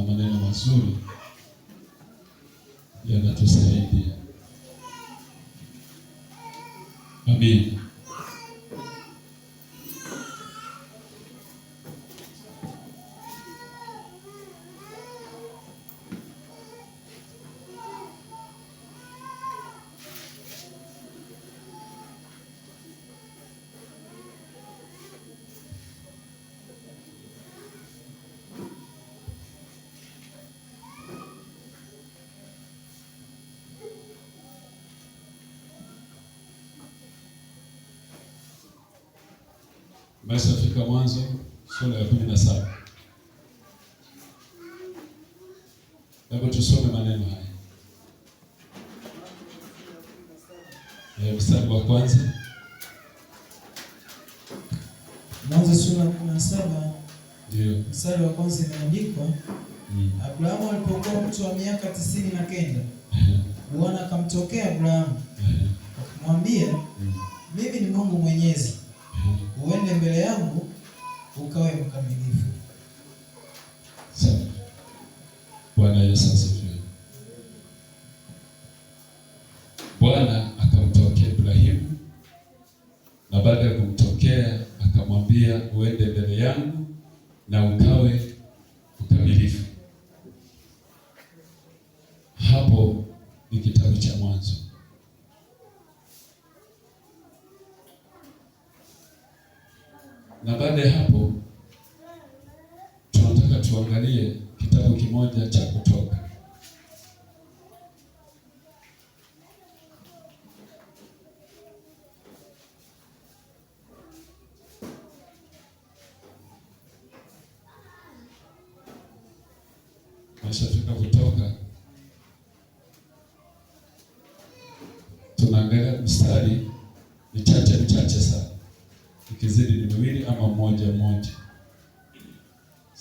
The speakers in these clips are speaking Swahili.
na maneno mazuri yanatusaidia. Amina. katika Mwanzo sura ya kumi na saba. Hebu tusome maneno haya, eh, mstari wa kwanza. Mwanzo sura ya kumi na saba ndio mstari wa kwanza imeandikwa mm. Abrahamu alipokuwa mtu wa miaka tisini na kenda Bwana akamtokea Abrahamu akamwambia, mm. mimi ni Mungu Mwenyezi terra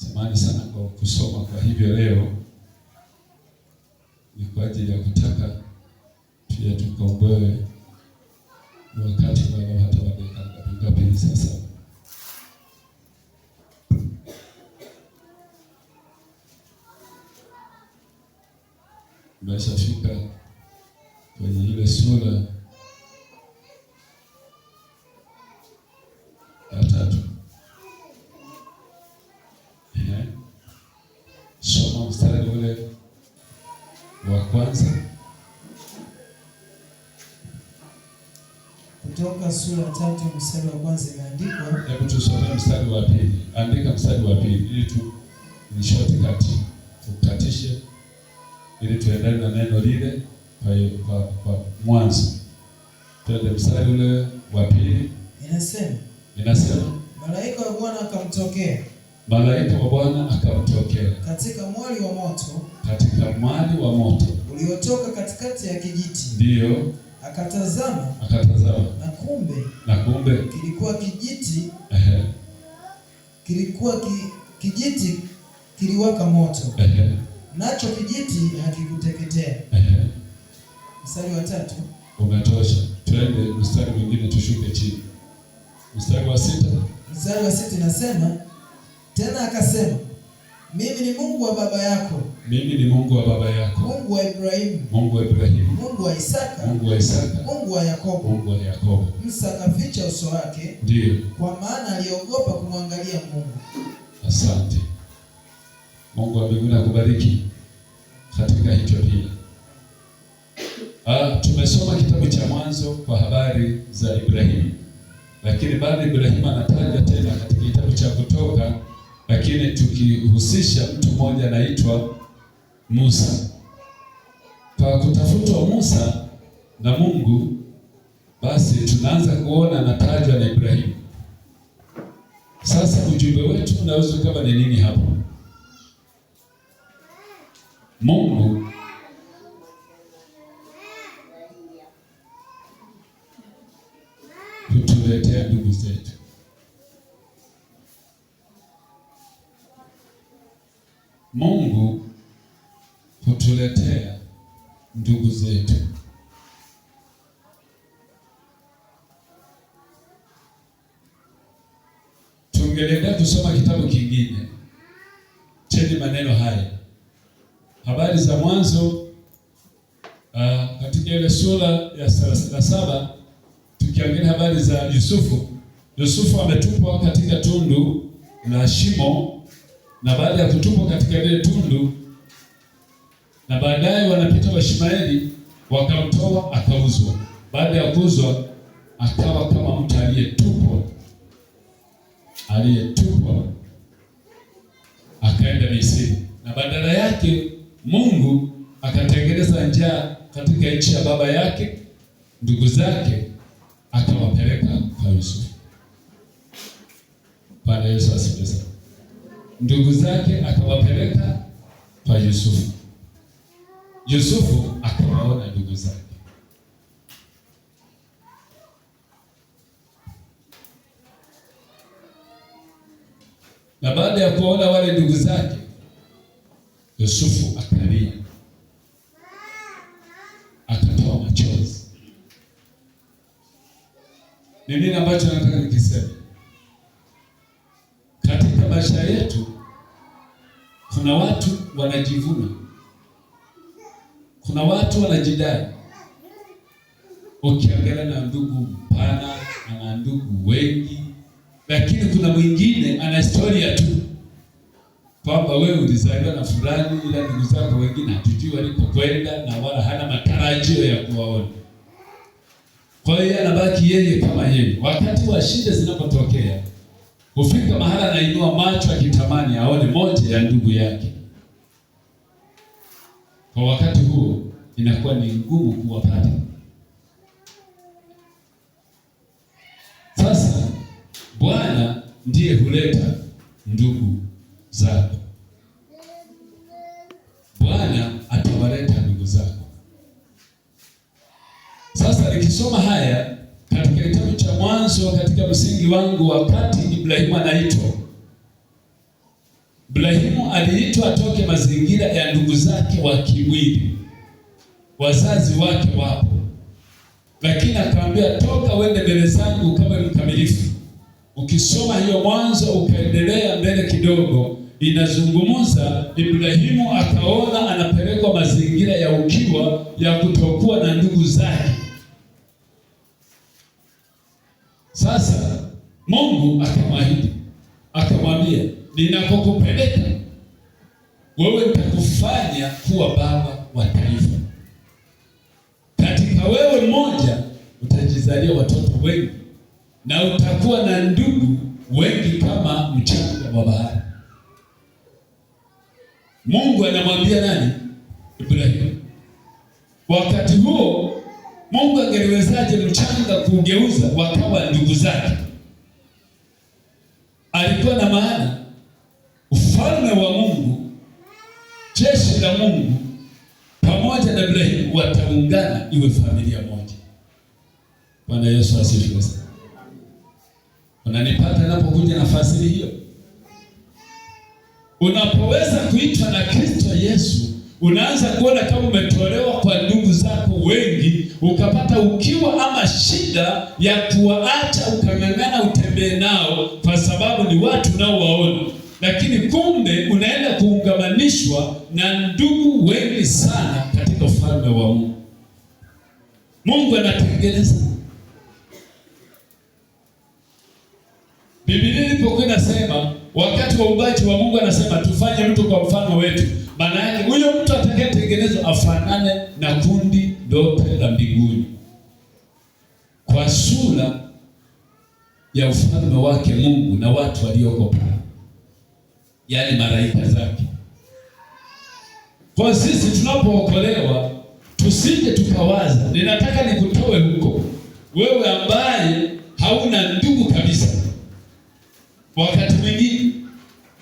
Samahani sana kwa kusoma kwa hivyo leo ni kwa ajili ya kutaka pia tukomboe wakati baba hata wadeka ngapi ngapi sasa Kutoka sura ya tatu mstari wa kwanza imeandikwa. Hebu tusome mstari wa pili. Andika mstari wa pili ili tu nishote kati tukatishe ili tuendane na neno lile kwa kwa, kwa mwanzo. Twende mstari ule wa pili. Inasema. Inasema malaika wa Bwana akamtokea. Malaika wa Bwana akamtokea katika mwali wa moto, katika mwali wa moto uliotoka katikati ya kijiti, ndio akatazama, akatazama na kumbe, na kumbe kilikuwa kijiti ehe, kilikuwa ki, kijiti kiliwaka moto ehe, nacho kijiti hakikuteketea ehe. Mstari wa tatu umetosha, twende mstari mwingine, tushuke chini, mstari wa sita, mstari wa sita inasema tena akasema mimi ni Mungu wa baba yako. Mimi ni Mungu wa baba yako. Mungu wa Ibrahimu. Mungu wa Ibrahimu. Mungu wa Isaka. Mungu wa Isaka. Mungu wa Yakobo. Mungu wa Yakobo. Musa akaficha uso wake. Ndiyo. Kwa maana aliogopa kumwangalia Mungu. Asante. Mungu wa mbinguni akubariki katika hicho pia. Ah, tumesoma kitabu cha Mwanzo kwa habari za Ibrahimu. Lakini baada Ibrahimu anataja tena katika kitabu cha Kutoka lakini tukihusisha mtu mmoja anaitwa Musa. Kwa kutafutwa Musa na Mungu, basi tunaanza kuona anatajwa na Ibrahimu. Sasa ujumbe wetu unaweza kama ni nini hapo? Mungu ndugu zetu. Tungelienda kusoma kitabu kingine chenye maneno haya, habari za Mwanzo uh, katika ile sura ya saba tukiangalia habari za Yusufu. Yusufu ametupwa katika tundu la shimo, na baada ya kutupwa katika ile tundu na baadaye wanapita Waishmaeli wakamtoa akauzwa. Baada ya kuuzwa, akawa kama mtu aliyetupwa, aliyetupwa akaenda Misri, na badala yake Mungu akatengeneza njaa katika nchi ya baba yake, ndugu zake akawapeleka kwa Yusufu. Bwana Yesu asifiwe. Ndugu zake akawapeleka kwa Yusufu. Yusufu akawaona ndugu zake. Na baada ya kuwaona wale ndugu zake, Yusufu akalia. Akatoa machozi. Ni nini ambacho nataka nikisema? ukiangalia na ndugu mpana, ana ndugu wengi, lakini kuna mwingine ana historia tu kwamba wewe ulizaliwa na fulani, ila ndugu zako wengine hatujui walipokwenda na wala hana matarajio ya kuwaona. Kwa hiyo anabaki yeye kama yeye. Wakati wa shida zinapotokea, hufika mahala anainua macho akitamani aone moja ya ndugu yake. Kwa wakati huo inakuwa ni ngumu kuwapata. Sasa Bwana ndiye huleta ndugu zako, Bwana atawaleta ndugu zako. Sasa nikisoma haya katika kitabu cha Mwanzo, katika msingi wangu, wakati Ibrahimu anaitwa, Ibrahimu aliitwa atoke mazingira ya ndugu zake wa kimwili, wazazi wake wapo lakini akaambia toka uende mbele zangu kama mkamilifu. Ukisoma hiyo Mwanzo ukaendelea mbele kidogo, inazungumza Ibrahimu akaona anapelekwa mazingira ya ukiwa, ya kutokuwa na ndugu zake. Sasa Mungu akamwahidi akamwambia, ninakokupeleka wewe nitakufanya kuwa baba wa taifa katika wewe mmoja ukizalia watoto wengi na utakuwa na ndugu wengi kama mchanga wa bahari. Mungu anamwambia nani? Ibrahimu. Wakati huo Mungu angeliwezaje mchanga kugeuza wakawa ndugu zake? Alikuwa na maana ufalme wa Mungu, jeshi la Mungu pamoja na Ibrahimu wataungana iwe familia moja. Bwana Yesu asifiwe. Unanipata napokuja na fasiri hiyo? Unapoweza kuitwa na Kristo Yesu, unaanza kuona kama umetolewa kwa ndugu zako wengi, ukapata ukiwa ama shida ya kuwaacha, ukang'ang'ana utembee nao, kwa sababu ni watu nao waona, lakini kumbe unaenda kuungamanishwa na ndugu wengi sana katika ufalme wa Mungu. Mungu anatengeneza Nilipokuwa inasema wakati wa ubaji wa Mungu anasema tufanye mtu kwa mfano wetu, maana yake huyo mtu atakayetengenezwa afanane na kundi lote la mbinguni kwa sura ya ufalme wake Mungu na watu walioko pale, yaani malaika zake. Kwa sisi tunapookolewa, tusije tukawaza, ninataka nikutoe huko, wewe ambaye hauna ndugu kabisa kwa wakati mwingine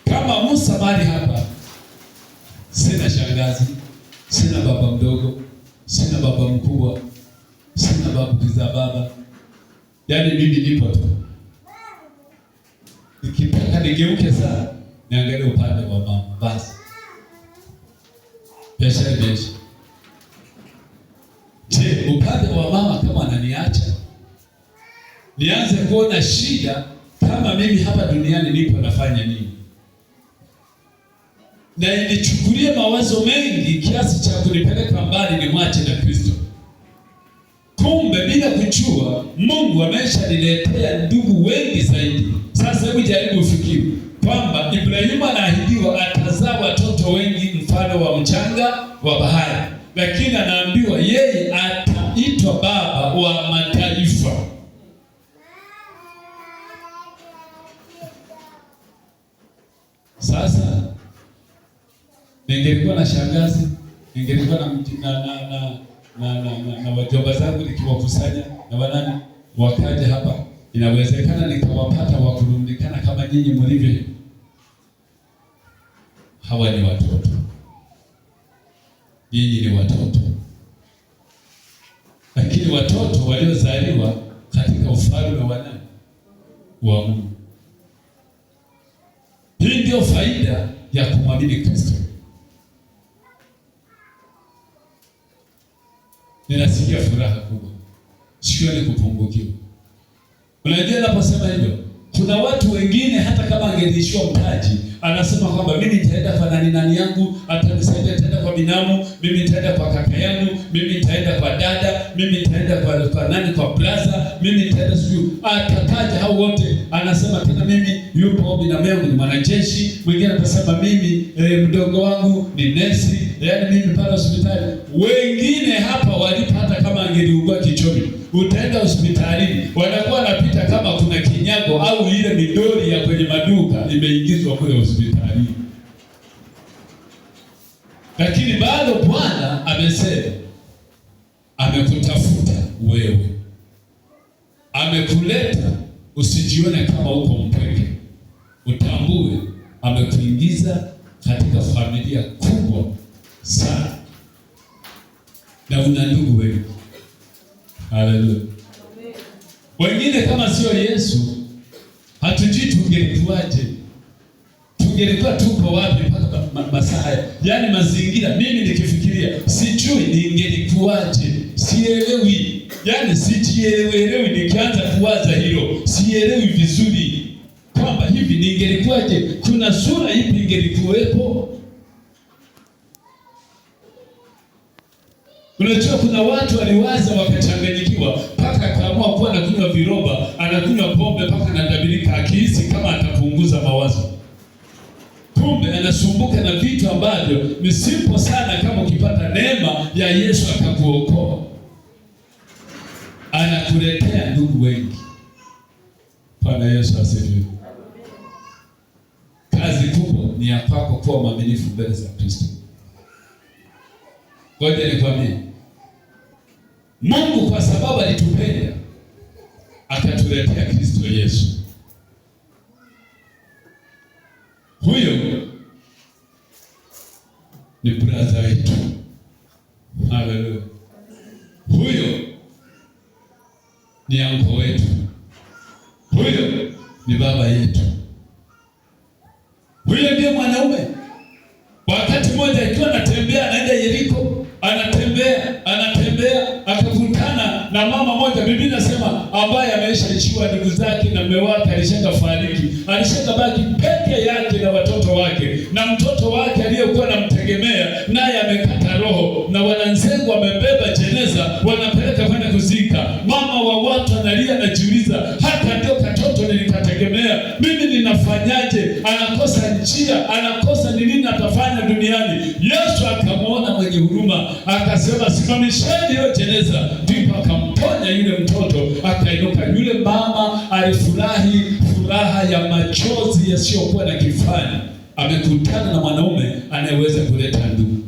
kama Musa mali hapa, sina shangazi, sina baba mdogo, sina baba mkubwa, sina babu za baba, yaani mimi nipo tu. Nikitaka nigeuke sana, niangalie upande wa mama, basi biashara biashara. Je, upande wa mama kama ananiacha nianze kuona shida kama mimi hapa duniani nipo nafanya nini? Na inichukulie mawazo mengi kiasi cha kunipeleka mbali nimwache na Kristo. Kumbe bila kujua, Mungu ameshaniletea ndugu wengi zaidi. Sasa hebu jaribu ufikiri kwamba Ibrahimu anaahidiwa atazaa watoto wengi mfano wa mchanga wa bahari, lakini anaambiwa yeye ataitwa baba wa mataifa. Ningelikuwa na shangazi, ningelikuwa na na na na, na, na, na, na wajomba zangu nikiwakusanya na wanani wakaja hapa, inawezekana nikawapata wakurundikana kama nyinyi mlivyo. Hawa ni watoto, nyinyi ni watoto, lakini watoto waliozaliwa katika ufalme wa nani? Wa Mungu. Hii ndio faida ya kumwamini Kristo. ninasikia furaha kubwa, sikioni kupungukiwa. Unajua, naposema hivyo, kuna watu wengine hata kama angeishiwa mtaji, anasema kwamba mimi nitaenda fanani nani yangu atanisaidia binamu, mimi nitaenda kwa kaka yangu, mimi nitaenda kwa dada, mimi nitaenda kwa, kwa nani, kwa plaza, mimi nitaenda sijui atataja ah, hao wote. Anasema tena mimi yupo binamu yangu ni mwanajeshi, mwingine atasema mimi eh, mdogo wangu ni nesi, yaani mimi pale hospitali. Wengine hapa walipo, hata kama angeliugua kichomi, utaenda hospitalini wanakuwa napita kama kuna kinyago au ile midori ya kwenye maduka imeingizwa kule hospitalini lakini bado Bwana amesema amekutafuta wewe, amekuleta. Usijione kama uko mpweke, utambue amekuingiza katika familia kubwa sana, na una ndugu wewe. Haleluya! Wengine kama sio Yesu, hatujui tungelikuwaje tungelikuwa tupo wapi mpaka masaa haya? Yaani mazingira, mimi nikifikiria, sijui ningelikuwaje, sielewi, yaani sijielewelewi, nikianza kuwaza hilo sielewi vizuri kwamba hivi ningelikuwaje, kuna sura ipi ingelikuwepo? Unajua, kuna watu waliwaza wakachanganyikiwa, mpaka akaamua kuwa anakunywa viroba, anakunywa pombe, mpaka anadabirika, akihisi kama atapunguza mawazo anasumbuka na vitu ambavyo ni simple sana, kama ukipata neema ya Yesu akakuokoa. Anakuletea ndugu wengi. Bwana Yesu asifiwe. Kazi kubwa ni ya kwako kuwa mwaminifu mbele za Kristo. Ngoja nikwambie, Mungu kwa sababu alitupenda akatuletea Kristo Yesu huyo ni brother wetu. Haleluya! Huyo ni anko wetu, huyo ni baba yetu, huyo ndiye mwanaume. Wakati mmoja akiwa anatembea anaenda Yeriko, anatembea anatembea, akakutana na mama moja, Biblia inasema ambaye ameisha chiwa ndugu zake na mume wake alishaka fariki, alishaka baki peke yake na yake, na mtoto wake aliyekuwa anamtegemea naye amekata roho, na wananzengu wamebeba jeneza, wanapeleka kwenda kuzika. Mama wa watu analia, anajiuliza, hata ndio katoto nilikategemea mimi, ninafanyaje? Anakosa njia, anakosa ni nini atafanya duniani. Yesu akamwona mwenye huruma, akasema simamisheni hiyo jeneza, ndipo akamponya yule mtoto, akainuka. Yule mama alifurahi furaha ya machozi yasiyokuwa na kifani amekutana na mwanaume anayeweza kuleta ndugu.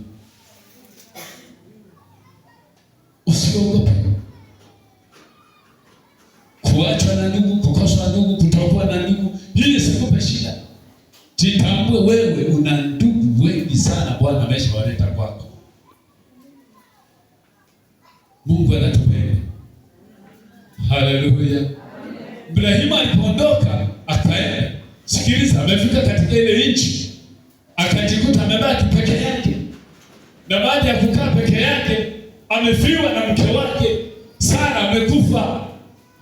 Usiogope kuachwa na ndugu, kukoswa ndugu, kutokuwa na ndugu, hili sikupe shida. Jitambue wewe una ndugu wengi sana, Bwana ameshawaleta kwako. Mungu anatupenda. Haleluya! Ibrahimu alipoondoka sikiliza, amefika katika ile nchi akajikuta amebaki peke yake, na baada ya kukaa peke yake amefiwa na mke wake Sara, amekufa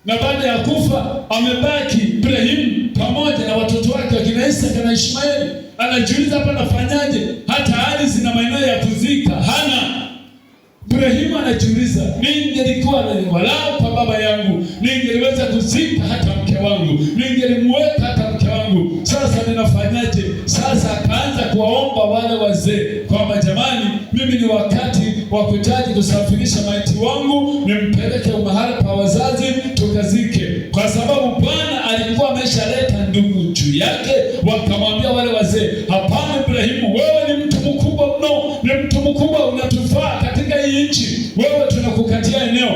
na baada ya kufa amebaki Ibrahim pamoja na watoto wake wakina Isaka na Ishmaeli. Anajiuliza hapa nafanyaje, hata ardhi na maeneo ya kuzika hana. Ibrahimu anajiuliza, ningelikuwa na walau kwa baba yangu ningeliweza kuzika hata mke wangu, ningelimuweka yangu, sasa ninafanyaje? Sasa akaanza kuwaomba wale wazee kwamba jamani, mimi ni wakati wa kuhitaji kusafirisha maiti wangu nimpeleke mahali pa wazazi tukazike, kwa sababu Bwana alikuwa ameshaleta ndugu juu yake. Wakamwambia wale wazee, hapana, Ibrahimu, wewe ni mtu mkubwa mno, ni mtu mkubwa unatufaa katika hii nchi, wewe tunakukatia eneo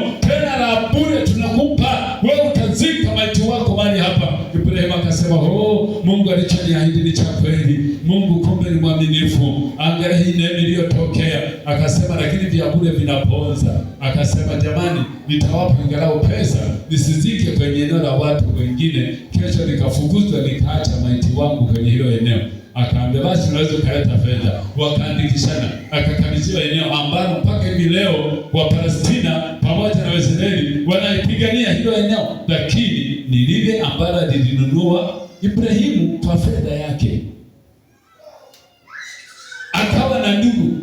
akasema, lakini vya bure vinaponza. Akasema, jamani, nitawapa angalau pesa nisizike kwenye eneo la watu wengine, kesho nikafukuzwa nikaacha maiti wangu kwenye hilo eneo. Akaambia basi unaweza ukaleta fedha. Wakaandikishana, akakabidhiwa eneo ambalo mpaka hivi leo wa Palestina pamoja na Waisraeli wanaipigania hilo eneo, lakini ni lile ambalo alilinunua Ibrahimu kwa fedha yake, akawa na ndugu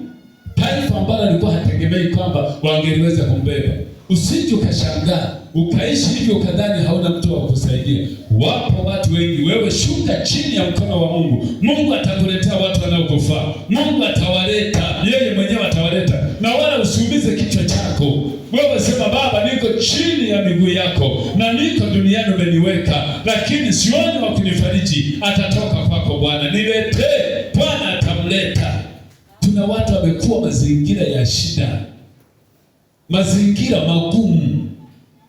taifa ambalo alikuwa hategemei kwamba wangeliweza kumbeba. Usije ukashangaa ukaishi hivyo ukadhani hauna mtu wa kusaidia. Wapo watu wengi, wewe shuka chini ya mkono wa Mungu. Mungu atakuletea watu wanaokufaa. Mungu atawaleta, yeye mwenyewe atawaleta, na wala usiumize kichwa chako. Wewe sema, Baba, niko chini ya miguu yako na niko duniani, umeniweka lakini sioni wa kunifariji. Atatoka kwako Bwana, niletee. Bwana atamleta kuna watu wamekuwa mazingira ya shida, mazingira magumu.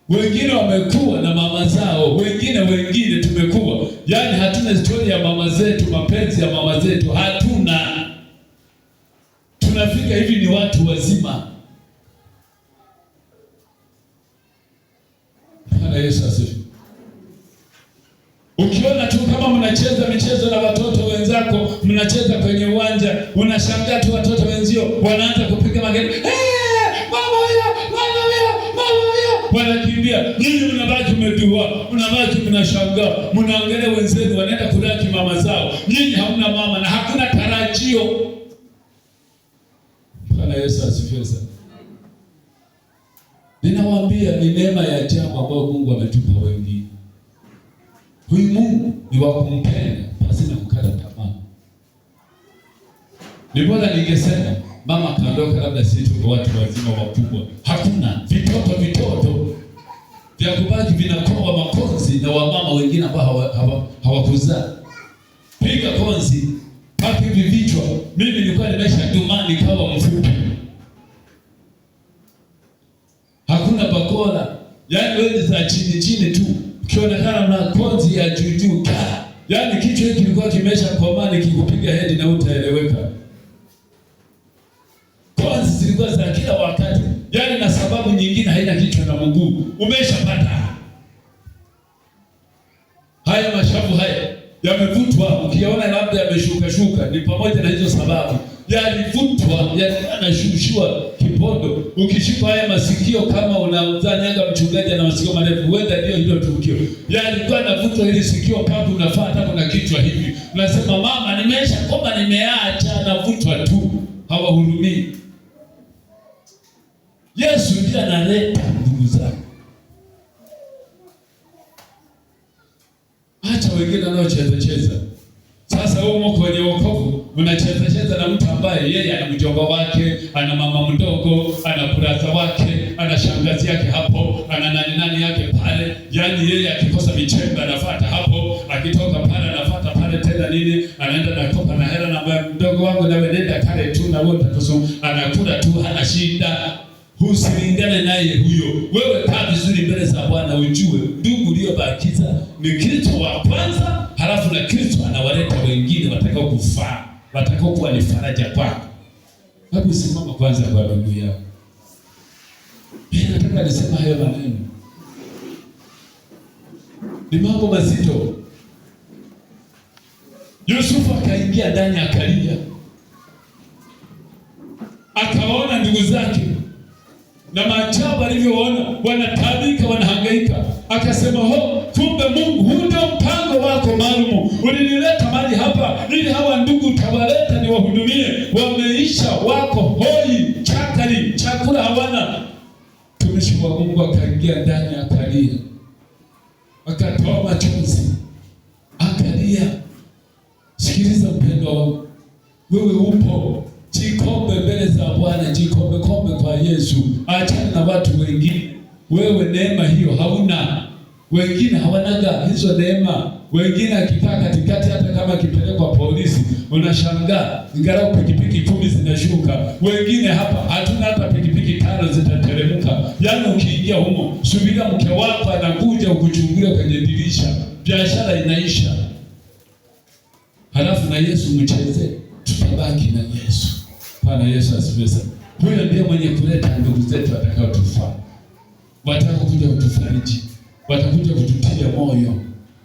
Wengine wamekuwa na mama zao, wengine wengine tumekuwa yani hatuna historia ya mama zetu, mapenzi ya mama zetu hatuna. Tunafika hivi ni watu wazima. Bwana Yesu asifiwe. unacheza kwenye uwanja, unashangaa tu watoto wenzio wanaanza kupiga magari eh, wanakimbia nini, mnashangaa, mnaangalia wenzenu wanaenda mama zao, nini hamna mama na hakuna tarajio. Bwana Yesu asifiwe sana. Ninawaambia ni neema ya ajabu ambayo Mungu ametupa wengi. Huyu Mungu ni wa kumpenda pasi na kukata Ndiposa ningesema mama kaondoka, labda sisi tuko watu wazima wakubwa, hakuna vitoto vitoto vya kubaki vinakoa makozi na wamama wengine ambao hawakuzaa hawa, hawa piga konzi papi vivichwa. Mimi nilikuwa nimesha dumani kawa mfupi, hakuna bakora, yaani wewe za chini chini tu, ukionekana na konzi ya juu juu, yaani kichwa hiki kilikuwa kimesha komani kikupiga hedi na utaeleweka zilikuwa za kila wakati, yaani na sababu nyingine haina kichwa na mguu, umeshapata haya mashavu haya yamevutwa. Ukiona labda yameshuka shuka, ni pamoja na hizo sababu. Yalivutwa, yaani yanashushiwa kipondo. Ukishika haya masikio, kama nyanga mchungaji ana masikio marefu, huenda ndio hilo tukio. Yalikuwa navutwa ili sikio papo unafaa hata kuna kichwa hivi, unasema mama, nimesha koma, nimeacha, navutwa tu, hawahurumii. Yesu ndiye analeta ndugu zako. Acha wengine cheza. Sasa mko kwenye wokovu, mnacheza cheza na mtu ambaye yeye ana mjomba wake, ana mama mdogo, ana kurasa wake, ana shangazi yake hapo, ana nani nani yake pale. Yaani yeye akikosa michemba anafuata hapo, akitoka pale anafuata pale tena nini? Anaenda na kopa na hela na mdogo wangu na wewe nenda kale tu na wote tusome. Anakula tu hana shida usilingane naye huyo. Wewe kaa vizuri mbele za Bwana, ujue ndugu uliyobakiza ni Kristo wa kwanza, halafu na Kristo anawaleta wengine watakao kufaa, watakao kuwa ni faraja kwako. Hebu simama kwanza kwa ndugu yako. Mimi nataka nisema hayo maneno, ni mambo mazito. Yusufu akaingia ndani akalia, akaona ndugu zake na maajabu alivyoona, wanataabika, wanahangaika, akasema ho, kumbe Mungu huna mpango wako maalumu. Ulinileta mali hapa ili hawa ndugu utawaleta niwahudumie, wameisha, wako hoi, chakali, chakula hawana. Mtumishi Mungu akaingia ndani, akalia, akatoa machozi, akalia. Sikiliza mpendo wangu, wewe upo jikombe mbele za Bwana, jikombe kombe kwa Yesu achana na watu wengine. Wewe neema hiyo hauna, wengine hawanaga hizo neema. Wengine akikaa katikati, hata kama akipelekwa polisi unashangaa, ingalau pikipiki kumi zinashuka. Wengine hapa hatuna hata pikipiki tano zitateremka. Yaani ukiingia humo, subiria mke wako anakuja ukuchungulia kwenye dirisha, biashara inaisha. Halafu na Yesu mcheze, tutabaki na Yesu. Bwana Yesu asifiwe. Huyo ndiye mwenye kuleta ndugu zetu watakaotufaa, watakuja kutufariji, watakuja kututia moyo.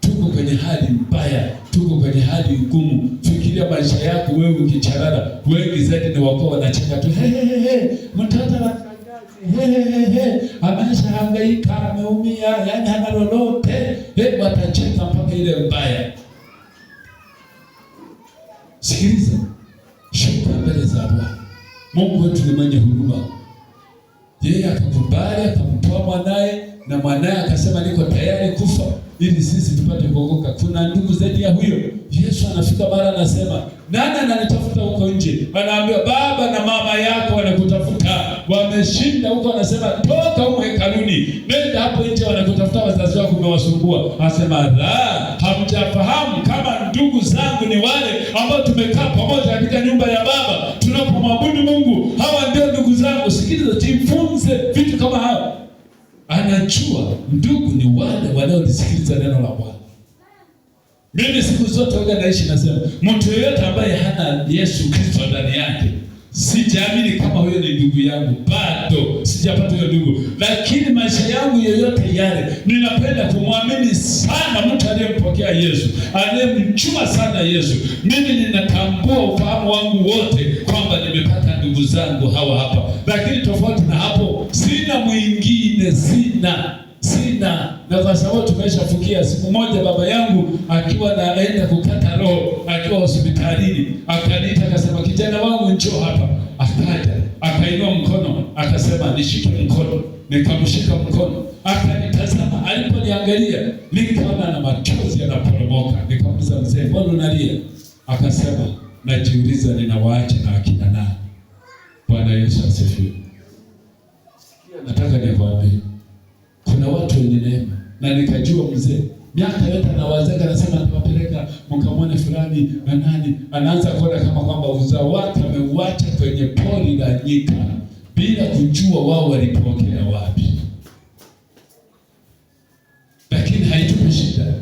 Tuko kwenye hali mbaya, tuko kwenye hali ngumu. Fikiria maisha yako wewe ukicharara. Wengi zaidi ni wako wanacheka tu, hehehe, mtata wa ameshahangaika, ameumia, yani hana lolote. Watacheka mpaka ile mbaya. Sikiliza. Mungu wetu ni mwenye huruma. Yeye akakubali akamtoa mwanaye, na mwanaye akasema niko tayari kufa ili sisi tupate kuokoka. Kuna ndugu zaidi ya huyo? Yesu anafika mara anasema, nani ananitafuta huko nje? Anaambia, baba na mama yako wanakutafuta wameshinda huko, anasema toka huko hekaluni, nenda hapo nje, wanakutafuta wazazi wako umewasumbua. Anasema la, hamjafahamu kama ndugu zangu ni wale ambao tumekaa pamoja katika nyumba ya Baba tunapomwabudu Mungu, hawa ndio ndugu zangu. Sikiliza, jifunze vitu kama hayo. Anajua ndugu ni wale wanaolisikiliza neno la Bwana. Mimi siku zote waga naishi nasema, mtu yeyote ambaye hana Yesu Kristo ndani yake sijaamini kama huyo ni ndugu yangu, bado sijapata huyo ndugu, lakini maisha yangu yoyote yale, ninapenda kumwamini sana mtu aliyempokea Yesu, aliyemjua sana Yesu. Mimi ninatambua ufahamu wangu wote kwamba nimepata ndugu zangu hawa hapa, lakini tofauti na hapo sina mwingine, sina sina na kwa sababu tumeshafikia. Siku moja baba yangu akiwa naenda kukata roho akiwa hospitalini, akaniita akasema, kijana wangu njoo hapa. Akaja akainua mkono akasema, nishike mkono. Nikamshika mkono, akanitazama. Aliponiangalia nikaona na machozi yanaporomoka. Nikamuuliza, mzee, mbona unalia? Akasema, najiuliza ninawaacha na akina nani. Bwana Yesu asifiwe. Nataka nikwambie kuna watu wenye neema na nikajua mzee miaka yote anawazeka, anasema atawapeleka mkamwone fulani na nani. Anaanza kuona kama kwamba uzao wake ameuacha kwenye pori la nyika, bila kujua wao walipokea wapi. Lakini haitupi shida,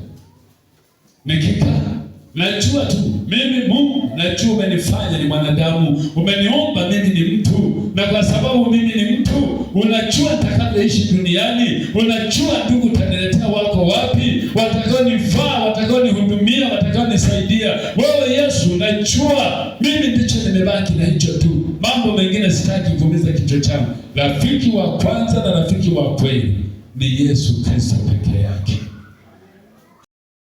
nikikaa Najua tu mimi Mungu, najua umenifanya ni mwanadamu, umeniomba mimi ni mtu, na kwa sababu mimi ni mtu, unajua nitakavyoishi duniani, unajua ndugu, utaniletea wako wapi watakaonifaa, watakaonihudumia, watakaonisaidia. Wewe Yesu, najua mimi ndicho nimebaki na hicho tu, mambo mengine sitaki kuvumiza kichwa changu. Rafiki wa kwanza na rafiki wa kweli ni Yesu Kristo peke yake.